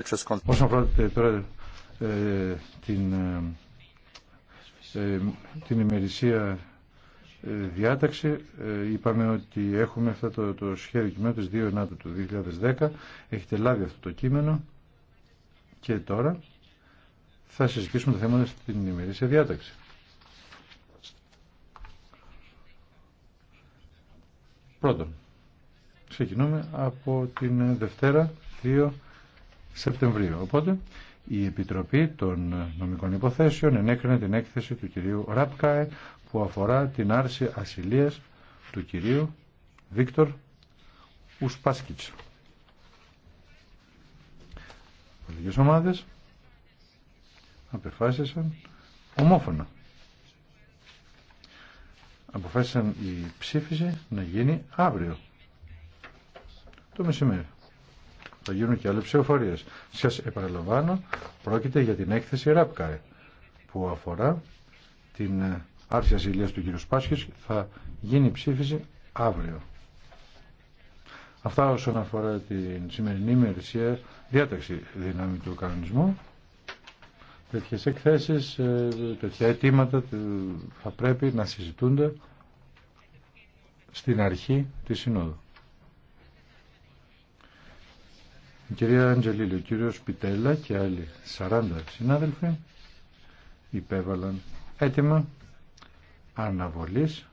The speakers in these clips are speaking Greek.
Όσον αφορά ε, τώρα ε, ε, την, ημερησία διάταξη, είπαμε ότι έχουμε αυτό το, το σχέδιο κειμένου της 2 Ιανουαρίου του 2010. Έχετε λάβει αυτό το κείμενο και τώρα θα συζητήσουμε το θέμα στην ημερησία διάταξη. Πρώτον, ξεκινούμε από την Δευτέρα 2 Σεπτεμβρίου. Οπότε η Επιτροπή των Νομικών Υποθέσεων ενέκρινε την έκθεση του κυρίου Ραπκάε που αφορά την άρση ασυλίας του κυρίου Βίκτορ Ουσπάσκιτς. Πολιτικές ομάδες απεφάσισαν ομόφωνα. Αποφάσισαν η ψήφιση να γίνει αύριο το μεσημέρι θα γίνουν και άλλες ψηφοφορίες. Σας επαναλαμβάνω, πρόκειται για την έκθεση ΡΑΠΚΑΕ που αφορά την ε, άρση ασυλίας του κ. Πάσχης θα γίνει ψήφιση αύριο. Αυτά όσον αφορά την σημερινή ημερησία διάταξη δυνάμει του κανονισμού. Τέτοιε εκθέσεις, ε, τέτοια αιτήματα ε, θα πρέπει να συζητούνται στην αρχή της Συνόδου. Η κυρία Αντζελίλη, ο κύριος Πιτέλα και άλλοι 40 συνάδελφοι υπέβαλαν έτοιμα αναβολής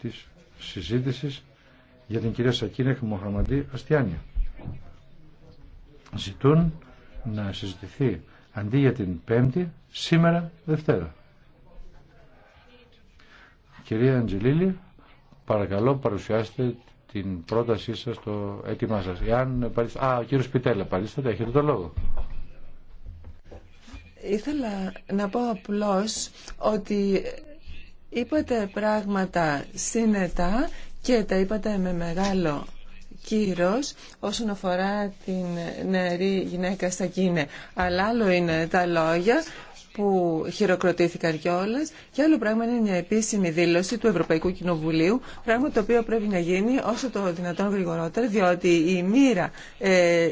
της συζήτησης για την κυρία Σακίνεχ Μοχαμαντή Αστιάνια. Ζητούν να συζητηθεί αντί για την Πέμπτη, σήμερα Δευτέρα. Κυρία Αντζελίλη, παρακαλώ παρουσιάστε την πρότασή σα το έτοιμά σα. Εάν Α, ο κύριο Πιτέλα, έχετε το λόγο. Ήθελα να πω απλώ ότι είπατε πράγματα σύνετα και τα είπατε με μεγάλο κύρος όσον αφορά την νεαρή γυναίκα στα κίνε. Αλλά άλλο είναι τα λόγια που χειροκροτήθηκαν κιόλα. Και άλλο πράγμα είναι μια επίσημη δήλωση του Ευρωπαϊκού Κοινοβουλίου, πράγμα το οποίο πρέπει να γίνει όσο το δυνατόν γρηγορότερα, διότι η μοίρα ε,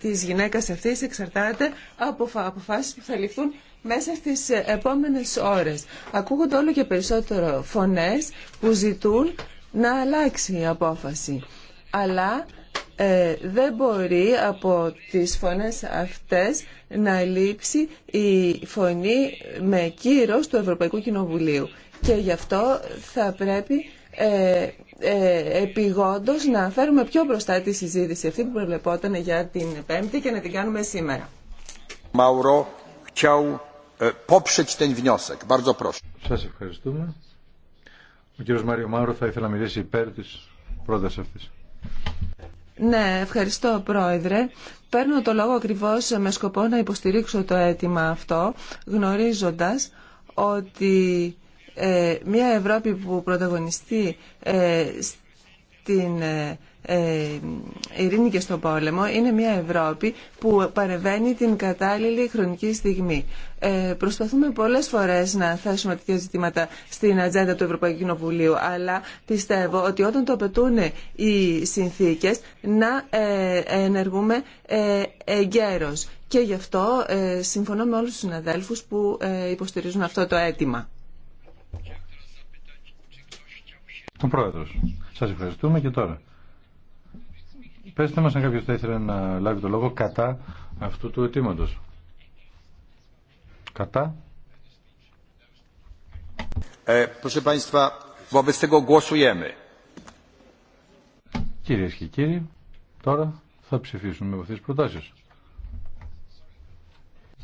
τη γυναίκα αυτή εξαρτάται από αποφάσει που θα ληφθούν μέσα στις επόμενες ώρες. Ακούγονται όλο και περισσότερο φωνές που ζητούν να αλλάξει η απόφαση. Αλλά ε, δεν μπορεί από τις φωνές αυτές να λείψει η φωνή με κύρος του Ευρωπαϊκού Κοινοβουλίου. Και γι' αυτό θα πρέπει ε, ε επιγόντως να φέρουμε πιο μπροστά τη συζήτηση αυτή που προβλεπόταν για την Πέμπτη και να την κάνουμε σήμερα. Μαουρό, ε, Σας ευχαριστούμε. Ο κύριος Μάριο Μάουρο θα ήθελα να μιλήσει υπέρ της πρότασης αυτής. Ναι, ευχαριστώ Πρόεδρε. Παίρνω το λόγο ακριβώς με σκοπό να υποστηρίξω το αίτημα αυτό, γνωρίζοντας ότι ε, μια Ευρώπη που πρωταγωνιστεί ε, στην ε, ε, ειρήνη και στον πόλεμο είναι μια Ευρώπη που παρεβαίνει την κατάλληλη χρονική στιγμή. Ε, προσπαθούμε πολλές φορές να θέσουμε τέτοια ζητήματα στην ατζέντα του Ευρωπαϊκού Κοινοβουλίου, αλλά πιστεύω ότι όταν το απαιτούν οι συνθήκες να ε, ενεργούμε ε, Και γι' αυτό ε, συμφωνώ με όλους τους συναδέλφου που υποστηρίζουν αυτό το αίτημα. Ο σας ευχαριστούμε και τώρα. Πέστε μας αν κάποιος θα ήθελε να λάβει το λόγο κατά αυτού του αιτήματο. Κατά. Ε, Κυρίε και κύριοι, τώρα θα ψηφίσουμε με αυτές τις προτάσεις.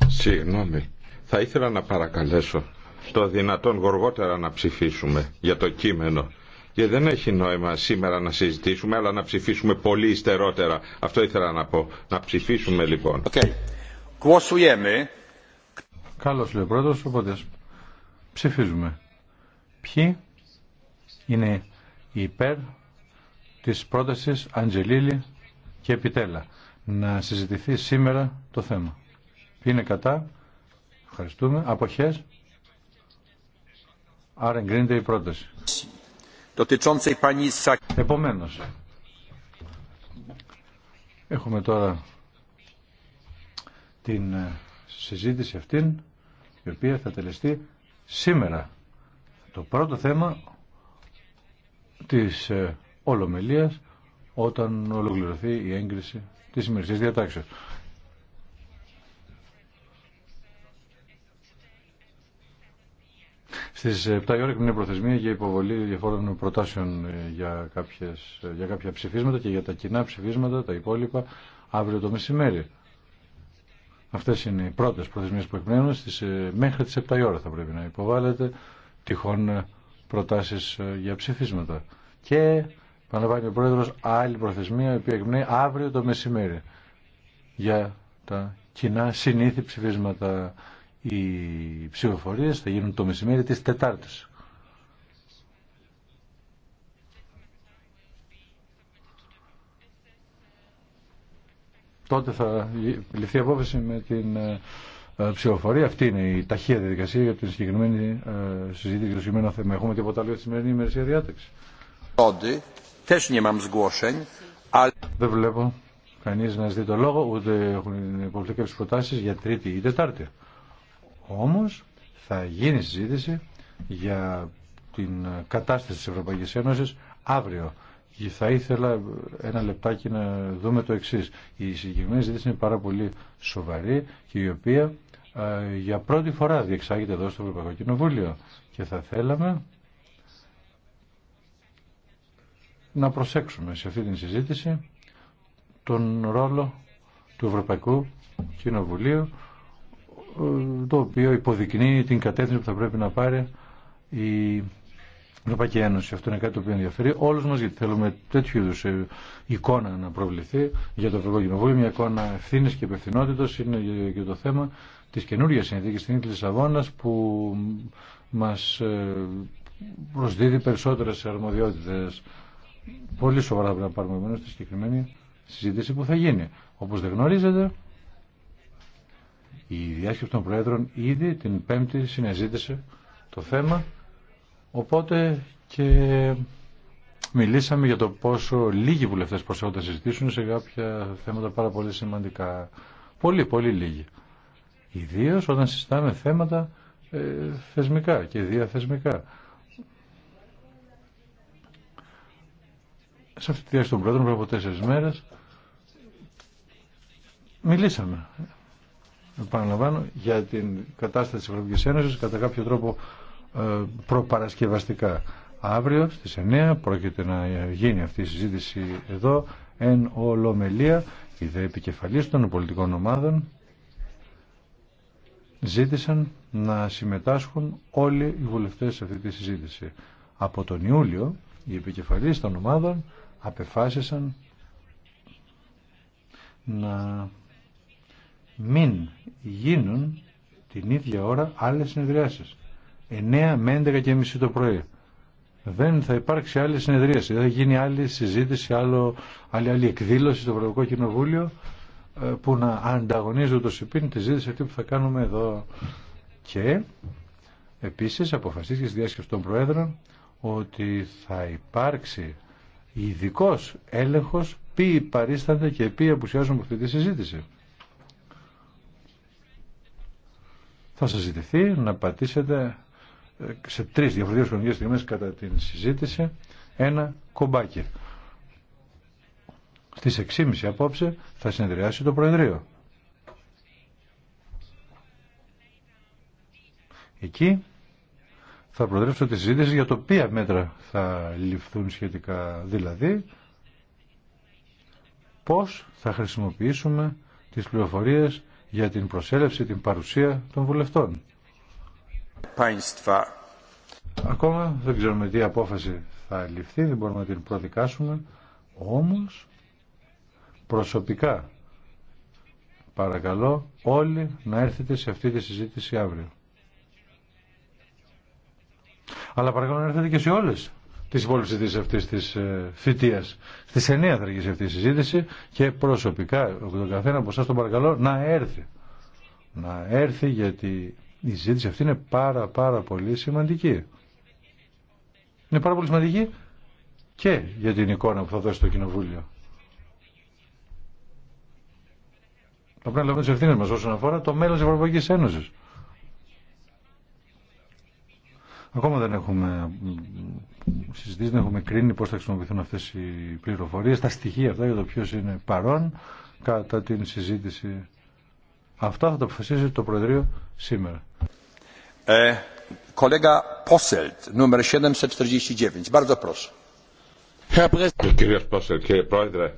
Συγγνώμη, θα ήθελα να παρακαλέσω το δυνατόν γοργότερα να ψηφίσουμε για το κείμενο. Και δεν έχει νόημα σήμερα να συζητήσουμε, αλλά να ψηφίσουμε πολύ υστερότερα. Αυτό ήθελα να πω. Να ψηφίσουμε λοιπόν. Okay. Καλώ λέει ο πρόεδρο, οπότε ψηφίζουμε. Ποιοι είναι οι υπέρ τη πρόταση Αντζελίλη και Επιτέλα να συζητηθεί σήμερα το θέμα. Ποιοι είναι κατά, ευχαριστούμε, αποχές, άρα εγκρίνεται η πρόταση. Επομένως, έχουμε τώρα την ε, συζήτηση αυτήν η οποία θα τελεστεί σήμερα. Το πρώτο θέμα της ε, ολομελίας όταν ολοκληρωθεί η έγκριση της σημερινής διατάξεως. Στις 7 η ώρα μια προθεσμία για υποβολή διαφόρων προτάσεων ε, για, κάποιες, ε, για κάποια ψηφίσματα και για τα κοινά ψηφίσματα, τα υπόλοιπα, αύριο το μεσημέρι. Αυτές είναι οι πρώτες προθεσμίες που εκπνέουν. Στις, ε, μέχρι τις 7 η ώρα θα πρέπει να υποβάλλεται τυχόν προτάσεις για ψηφίσματα. Και Παναλαμβάνει ο πρόεδρος άλλη προθεσμία, η εκπνέει αύριο το μεσημέρι για τα κοινά συνήθη ψηφίσματα. Οι ψηφοφορίες θα γίνουν το μεσημέρι της Τετάρτης. Τότε θα ληφθεί απόφαση με την ε, ε, ψηφοφορία. Αυτή είναι η ταχεία διαδικασία για την συγκεκριμένη ε, συζήτηση για το συγκεκριμένο θέμα. Έχουμε τίποτα άλλο για τη σημερινή ημερησία διάταξη. Δεν βλέπω κανείς να ζητεί το λόγο, ούτε έχουν υποβληθεί προτάσεις για Τρίτη ή Τετάρτη. Όμως θα γίνει συζήτηση για την κατάσταση της Ευρωπαϊκής Ένωσης αύριο. θα ήθελα ένα λεπτάκι να δούμε το εξής. Η συγκεκριμένη συζητηση είναι πάρα πολύ σοβαρή και η οποία για πρώτη φορά διεξάγεται εδώ στο Ευρωπαϊκό Κοινοβούλιο και θα θέλαμε να προσέξουμε σε αυτή την συζήτηση τον ρόλο του Ευρωπαϊκού Κοινοβουλίου το οποίο υποδεικνύει την κατεύθυνση που θα πρέπει να πάρει η Ευρωπαϊκή Ένωση. Αυτό είναι κάτι το οποίο ενδιαφέρει όλους μας γιατί θέλουμε τέτοιου είδου ε, εικόνα να προβληθεί για το Ευρωπαϊκό Κοινοβούλιο. Μια εικόνα ευθύνη και υπευθυνότητα είναι και το θέμα τη καινούργια συνθήκη στην Ήτλη Λισαβόνα που μα ε, προσδίδει περισσότερε αρμοδιότητε, Πολύ σοβαρά πρέπει να πάρουμε μέρο στη συγκεκριμένη συζήτηση που θα γίνει. Όπω δεν γνωρίζετε, η διάσκεψη των Προέδρων ήδη την Πέμπτη συνεζήτησε το θέμα, οπότε και μιλήσαμε για το πόσο λίγοι βουλευτέ προσέχουν να συζητήσουν σε κάποια θέματα πάρα πολύ σημαντικά. Πολύ, πολύ λίγοι. Ιδίω όταν συζητάμε θέματα ε, θεσμικά και διαθεσμικά. Σε αυτή τη διάσκεψη των Πρόεδρων πριν από τέσσερις μέρες μιλήσαμε επαναλαμβάνω, για την κατάσταση της Ευρωπαϊκής Ένωσης κατά κάποιο τρόπο ε, προπαρασκευαστικά. Αύριο στις 9 πρόκειται να γίνει αυτή η συζήτηση εδώ εν ολομελία οι δε επικεφαλής των πολιτικών ομάδων ζήτησαν να συμμετάσχουν όλοι οι βουλευτές σε αυτή τη συζήτηση. Από τον Ιούλιο οι επικεφαλής των ομάδων απεφάσισαν να μην γίνουν την ίδια ώρα άλλες συνεδριάσεις. 9 με 11 και μισή το πρωί. Δεν θα υπάρξει άλλη συνεδρίαση, δεν θα γίνει άλλη συζήτηση, άλλο, άλλη, άλλη εκδήλωση στο Ευρωπαϊκό Κοινοβούλιο ε, που να ανταγωνίζει το ΣΥΠΗΝ τη ζήτηση αυτή που θα κάνουμε εδώ. Και επίση αποφασίστηκε στη διάσκεψη των Προέδρων ότι θα υπάρξει ειδικό έλεγχος ποιοι παρίστανται και ποιοι απουσιάζουν από αυτή τη συζήτηση. θα σας ζητηθεί να πατήσετε ε, σε τρεις διαφορετικές χρονικές στιγμές κατά την συζήτηση ένα κομπάκι. Στις 6.30 απόψε θα συνεδριάσει το Προεδρείο. Εκεί θα προτρέψω τη συζήτηση για το ποια μέτρα θα ληφθούν σχετικά δηλαδή πώς θα χρησιμοποιήσουμε τις πληροφορίες για την προσέλευση, την παρουσία των βουλευτών. Ακόμα δεν ξέρουμε τι απόφαση θα ληφθεί, δεν μπορούμε να την προδικάσουμε, όμως προσωπικά παρακαλώ όλοι να έρθετε σε αυτή τη συζήτηση αύριο. Αλλά παρακαλώ να έρθετε και σε όλες τη υπόλοιψη αυτή τη ε, θητεία. Στι 9 θα αρχίσει αυτή η συζήτηση και προσωπικά τον καθένα από εσά τον παρακαλώ να έρθει. Να έρθει γιατί η συζήτηση αυτή είναι πάρα πάρα πολύ σημαντική. Είναι πάρα πολύ σημαντική και για την εικόνα που θα δώσει το Κοινοβούλιο. Θα πρέπει να λάβουμε τι ευθύνε μα όσον αφορά το μέλλον τη Ευρωπαϊκή Ένωση. Ακόμα δεν έχουμε συζητήσει, δεν έχουμε κρίνει πώς θα χρησιμοποιηθούν αυτές οι πληροφορίες, τα στοιχεία αυτά για το ποιος είναι παρόν κατά την συζήτηση. Αυτά θα το αποφασίσει το Προεδρείο σήμερα. Ε, κολέγα Πόσελτ, νούμερο 749. Πόσελτ, ε, κύριε Πρόεδρε,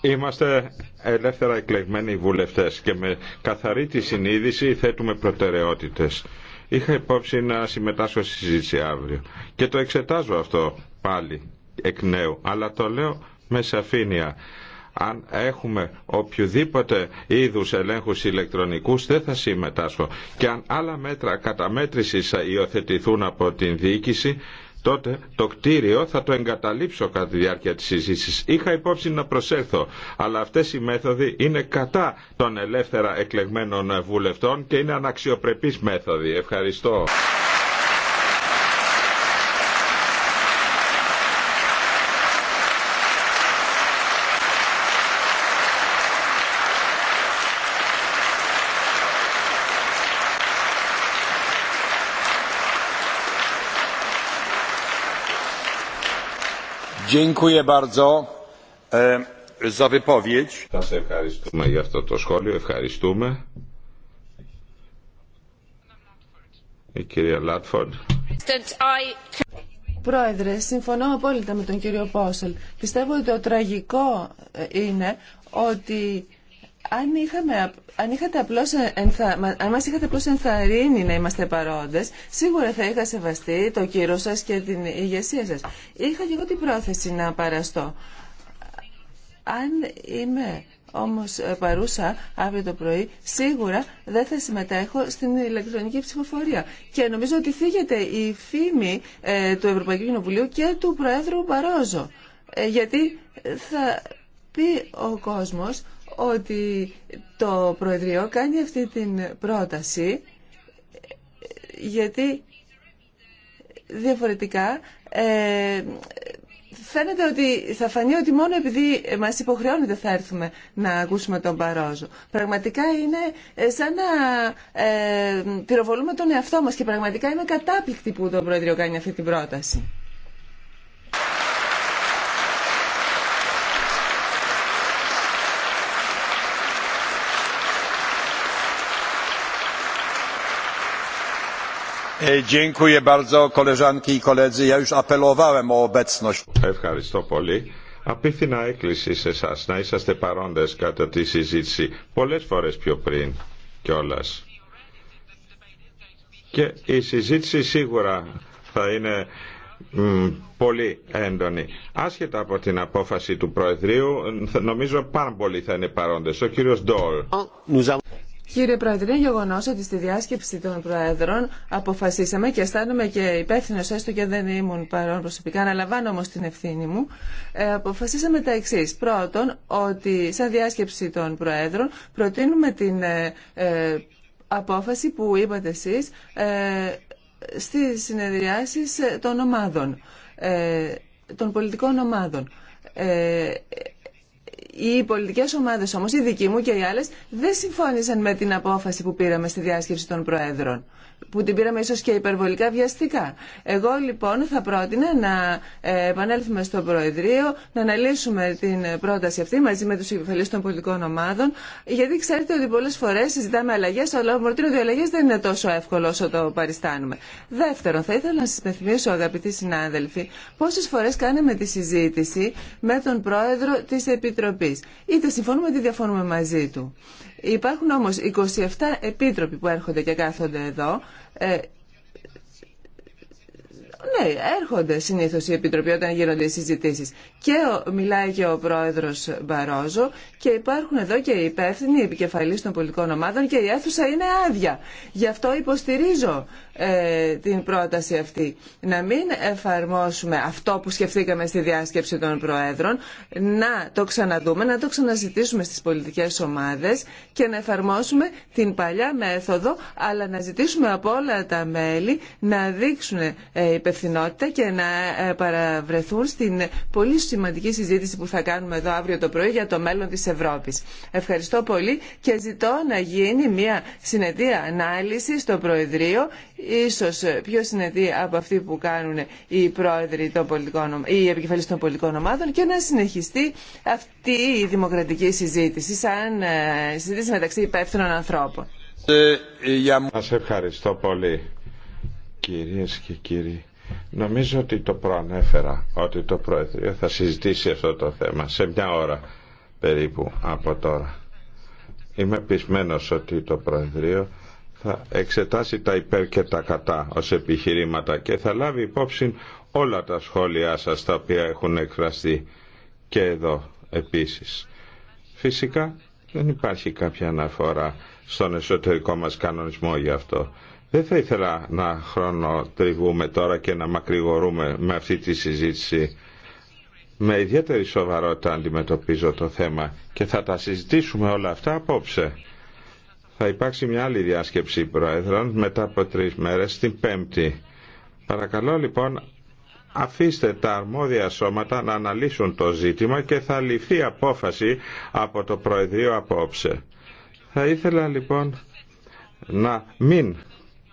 Είμαστε ελεύθερα εκλεγμένοι βουλευτές και με καθαρή τη συνείδηση θέτουμε προτεραιότητες. Είχα υπόψη να συμμετάσχω στη συζήτηση αύριο και το εξετάζω αυτό πάλι εκ νέου, αλλά το λέω με σαφήνεια αν έχουμε οποιοδήποτε είδους ελέγχους ηλεκτρονικούς δεν θα συμμετάσχω και αν άλλα μέτρα καταμέτρησης υιοθετηθούν από την διοίκηση τότε το κτίριο θα το εγκαταλείψω κατά τη διάρκεια της συζήτησης. Είχα υπόψη να προσέλθω, αλλά αυτές οι μέθοδοι είναι κατά των ελεύθερα εκλεγμένων βουλευτών και είναι αναξιοπρεπείς μέθοδοι. Ευχαριστώ. Dziękuję bardzo e, za wypowiedź. Σας ευχαριστούμε για αυτό το σχόλιο. Ευχαριστούμε. Η κυρία Λάτφορντ. Πρόεδρε, συμφωνώ απόλυτα με τον κύριο Πόσελ. Πιστεύω ότι το τραγικό ε, είναι ότι αν, είχαμε, αν, είχατε απλώς ε, ενθα, αν μας είχατε απλώς ενθαρρύνει να είμαστε παρόντες, σίγουρα θα είχα σεβαστεί το κύριο σας και την ηγεσία σας. Είχα και εγώ την πρόθεση να παραστώ. Αν είμαι όμως ε, παρούσα αύριο το πρωί, σίγουρα δεν θα συμμετέχω στην ηλεκτρονική ψηφοφορία. Και νομίζω ότι θίγεται η φήμη ε, του Ευρωπαϊκού Κοινοβουλίου και του Προέδρου Μπαρόζο. γιατί θα πει ο κόσμος ότι το Προεδρείο κάνει αυτή την πρόταση γιατί διαφορετικά ε, φαίνεται ότι θα φανεί ότι μόνο επειδή μας υποχρεώνεται θα έρθουμε να ακούσουμε τον Παρόζο. Πραγματικά είναι ε, σαν να ε, πυροβολούμε τον εαυτό μας και πραγματικά είμαι κατάπληκτη που το Προεδρείο κάνει αυτή την πρόταση. Ευχαριστώ πολύ. Απίθυνα έκκληση σε εσά να είσαστε παρόντε κατά τη συζήτηση πολλέ φορέ πιο πριν κιόλα. Και η συζήτηση σίγουρα θα είναι πολύ έντονη. Άσχετα από την απόφαση του Προεδρείου, νομίζω πάρα πολλοί θα είναι παρόντες. Ο κύριος Ντόλ. Κύριε Πρόεδρε, είναι γεγονό ότι στη διάσκεψη των Προέδρων αποφασίσαμε και αισθάνομαι και υπεύθυνο, έστω και δεν ήμουν παρόν προσωπικά, αναλαμβάνω όμω την ευθύνη μου. Ε, αποφασίσαμε τα εξή. Πρώτον, ότι σαν διάσκεψη των Προέδρων προτείνουμε την ε, ε απόφαση που είπατε εσεί ε, στι συνεδριάσει των ομάδων, ε, των πολιτικών ομάδων. Οι πολιτικέ ομάδες όμως, οι δική μου και οι άλλε, δεν συμφώνησαν με την απόφαση που πήραμε στη διάσκεψη των Προέδρων που την πήραμε ίσως και υπερβολικά βιαστικά. Εγώ λοιπόν θα πρότεινα να ε, επανέλθουμε στο Προεδρείο, να αναλύσουμε την πρόταση αυτή μαζί με τους επιφελείς των πολιτικών ομάδων, γιατί ξέρετε ότι πολλές φορές συζητάμε αλλαγές, αλλά ο μορτίνο ότι δεν είναι τόσο εύκολο όσο το παριστάνουμε. Δεύτερον, θα ήθελα να σας υπενθυμίσω αγαπητοί συνάδελφοι, πόσες φορές κάναμε τη συζήτηση με τον Πρόεδρο της Επιτροπής. Είτε συμφωνούμε είτε διαφωνούμε μαζί του. Υπάρχουν όμως 27 επίτροποι που έρχονται και κάθονται εδώ ε, ναι, έρχονται συνήθω οι επιτροποί όταν γίνονται οι συζητήσει. Και μιλάει και ο πρόεδρο Μπαρόζο και υπάρχουν εδώ και οι υπεύθυνοι, οι επικεφαλεί των πολιτικών ομάδων και η αίθουσα είναι άδεια. Γι' αυτό υποστηρίζω ε, την πρόταση αυτή. Να μην εφαρμόσουμε αυτό που σκεφτήκαμε στη διάσκεψη των Προέδρων, να το ξαναδούμε, να το ξαναζητήσουμε στις πολιτικές ομάδες και να εφαρμόσουμε την παλιά μέθοδο, αλλά να ζητήσουμε από όλα τα μέλη να δείξουν ε, υπευθυνότητα και να ε, παραβρεθούν στην πολύ σημαντική συζήτηση που θα κάνουμε εδώ αύριο το πρωί για το μέλλον της Ευρώπης. Ευχαριστώ πολύ και ζητώ να γίνει μια συνετή ανάλυση στο Προεδρείο ίσως ε, πιο συνετοί από αυτοί που κάνουν οι πρόεδροι των πολιτικών, οι επικεφαλής των πολιτικών ομάδων και να συνεχιστεί αυτή η δημοκρατική συζήτηση σαν ε, συζήτηση μεταξύ υπεύθυνων ανθρώπων. Ε, Σας ευχαριστώ πολύ κυρίες και κύριοι. Νομίζω ότι το προανέφερα ότι το Προεδρείο θα συζητήσει αυτό το θέμα σε μια ώρα περίπου από τώρα. Είμαι πεισμένος ότι το Προεδρείο θα εξετάσει τα υπέρ και τα κατά ως επιχειρήματα και θα λάβει υπόψη όλα τα σχόλιά σας τα οποία έχουν εκφραστεί και εδώ επίσης. Φυσικά δεν υπάρχει κάποια αναφορά στον εσωτερικό μας κανονισμό για αυτό. Δεν θα ήθελα να χρονοτριβούμε τώρα και να μακρηγορούμε με αυτή τη συζήτηση. Με ιδιαίτερη σοβαρότητα αντιμετωπίζω το θέμα και θα τα συζητήσουμε όλα αυτά απόψε θα υπάρξει μια άλλη διάσκεψη πρόεδρων μετά από τρεις μέρες την Πέμπτη. Παρακαλώ λοιπόν αφήστε τα αρμόδια σώματα να αναλύσουν το ζήτημα και θα ληφθεί απόφαση από το Προεδρείο απόψε. Θα ήθελα λοιπόν να μην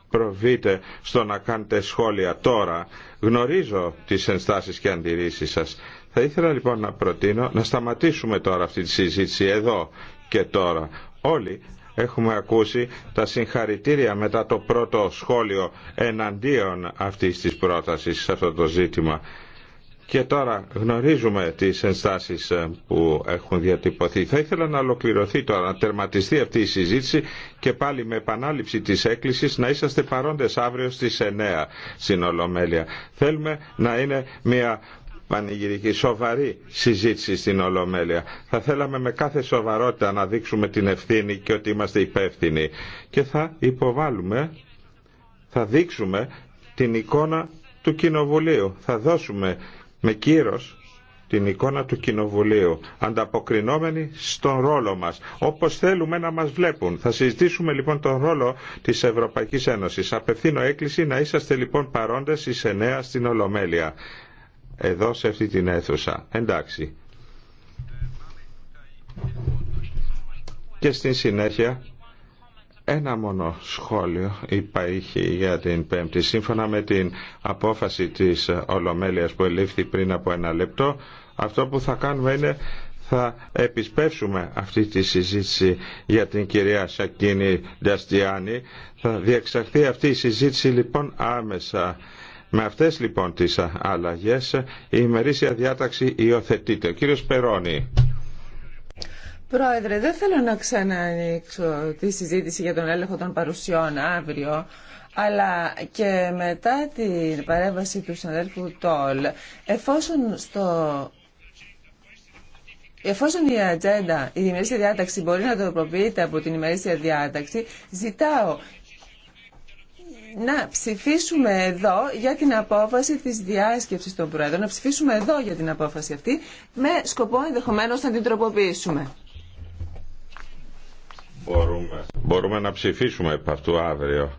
προβείτε στο να κάνετε σχόλια τώρα. Γνωρίζω τις ενστάσεις και αντιρρήσεις σας. Θα ήθελα λοιπόν να προτείνω να σταματήσουμε τώρα αυτή τη συζήτηση εδώ και τώρα. Όλοι έχουμε ακούσει τα συγχαρητήρια μετά το πρώτο σχόλιο εναντίον αυτής της πρότασης σε αυτό το ζήτημα. Και τώρα γνωρίζουμε τις ενστάσεις ε, που έχουν διατυπωθεί. Θα ήθελα να ολοκληρωθεί τώρα, να τερματιστεί αυτή η συζήτηση και πάλι με επανάληψη της έκκλησης να είσαστε παρόντες αύριο στις 9 στην Ολομέλεια. Θέλουμε να είναι μια πανηγυρική, σοβαρή συζήτηση στην Ολομέλεια. Θα θέλαμε με κάθε σοβαρότητα να δείξουμε την ευθύνη και ότι είμαστε υπεύθυνοι. Και θα υποβάλουμε, θα δείξουμε την εικόνα του Κοινοβουλίου. Θα δώσουμε με κύρος την εικόνα του Κοινοβουλίου, ανταποκρινόμενοι στον ρόλο μας, όπως θέλουμε να μας βλέπουν. Θα συζητήσουμε λοιπόν τον ρόλο της Ευρωπαϊκής Ένωσης. Απευθύνω έκκληση να είσαστε λοιπόν παρόντες εις εννέα στην Ολομέλεια εδώ σε αυτή την αίθουσα. Εντάξει. Και στην συνέχεια ένα μόνο σχόλιο υπάρχει για την Πέμπτη. Σύμφωνα με την απόφαση της Ολομέλειας που ελήφθη πριν από ένα λεπτό, αυτό που θα κάνουμε είναι θα επισπεύσουμε αυτή τη συζήτηση για την κυρία Σακίνη Νταστιάνη. Θα διεξαχθεί αυτή η συζήτηση λοιπόν άμεσα με αυτές λοιπόν τις αλλαγές η ημερήσια διάταξη υιοθετείται. Ο κύριος Περόνι. Πρόεδρε, δεν θέλω να ξανανοίξω τη συζήτηση για τον έλεγχο των παρουσιών αύριο, αλλά και μετά την παρέμβαση του συναδέλφου Τόλ, εφόσον στο Εφόσον η ατζέντα, η ημερήσια διάταξη μπορεί να τοποποιείται από την ημερήσια διάταξη, ζητάω να ψηφίσουμε εδώ για την απόφαση της διάσκεψης των Πρόεδρων, να ψηφίσουμε εδώ για την απόφαση αυτή, με σκοπό ενδεχομένως να την τροποποιήσουμε. Μπορούμε. Μπορούμε να ψηφίσουμε από αυτού αύριο.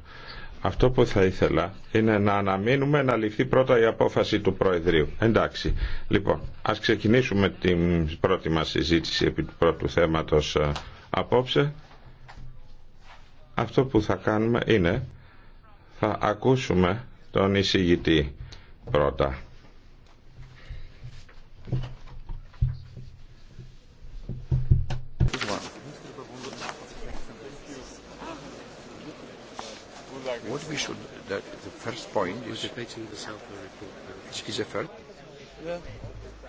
Αυτό που θα ήθελα είναι να αναμείνουμε να ληφθεί πρώτα η απόφαση του Προεδρείου. Εντάξει. Λοιπόν, ας ξεκινήσουμε την πρώτη μας συζήτηση επί του πρώτου θέματος ε, απόψε. Αυτό που θα κάνουμε είναι θα ακούσουμε τον εισηγητή πρώτα. What we should, the, the first point is, is the first. Yeah.